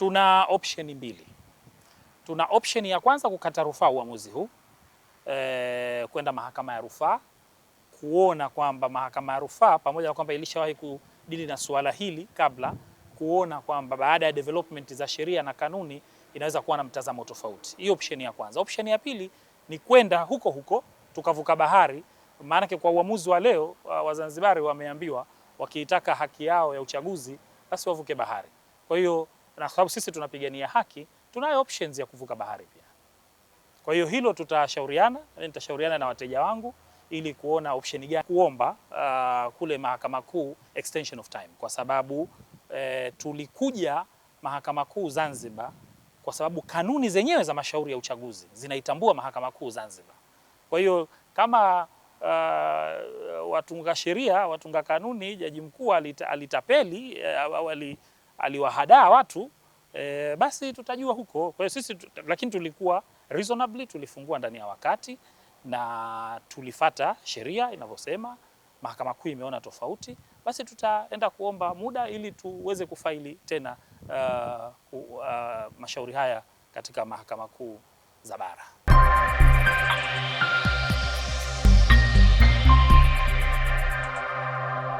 tuna option mbili. Tuna option ya kwanza kukata rufaa uamuzi huu e, kwenda mahakama ya rufaa kuona kwamba mahakama ya rufaa pamoja na kwamba ilishawahi kudili na suala hili kabla, kuona kwamba baada ya development za sheria na kanuni inaweza kuwa na mtazamo tofauti. Hiyo option ya kwanza. Option ya pili ni kwenda huko huko tukavuka bahari, maanake kwa uamuzi wa leo Wazanzibari wameambiwa wakiitaka haki yao ya uchaguzi basi wavuke bahari. Kwa hiyo na kwa sababu sisi tunapigania haki, tunayo options ya kuvuka bahari pia. Kwa hiyo hilo tutashauriana, nitashauriana na wateja wangu ili kuona option gani kuomba uh, kule Mahakama Kuu extension of time, kwa sababu eh, tulikuja Mahakama Kuu Zanzibar kwa sababu kanuni zenyewe za mashauri ya uchaguzi zinaitambua Mahakama Kuu Zanzibar. Kwa hiyo kama uh, watunga sheria, watunga kanuni, jaji mkuu alitapeli eh, alita aliwahadaa watu e, basi tutajua huko. Kwa hiyo sisi lakini tulikuwa reasonably tulifungua ndani ya wakati na tulifata sheria inavyosema. Mahakama Kuu imeona tofauti, basi tutaenda kuomba muda ili tuweze kufaili tena uh, uh, mashauri haya katika mahakama kuu za bara.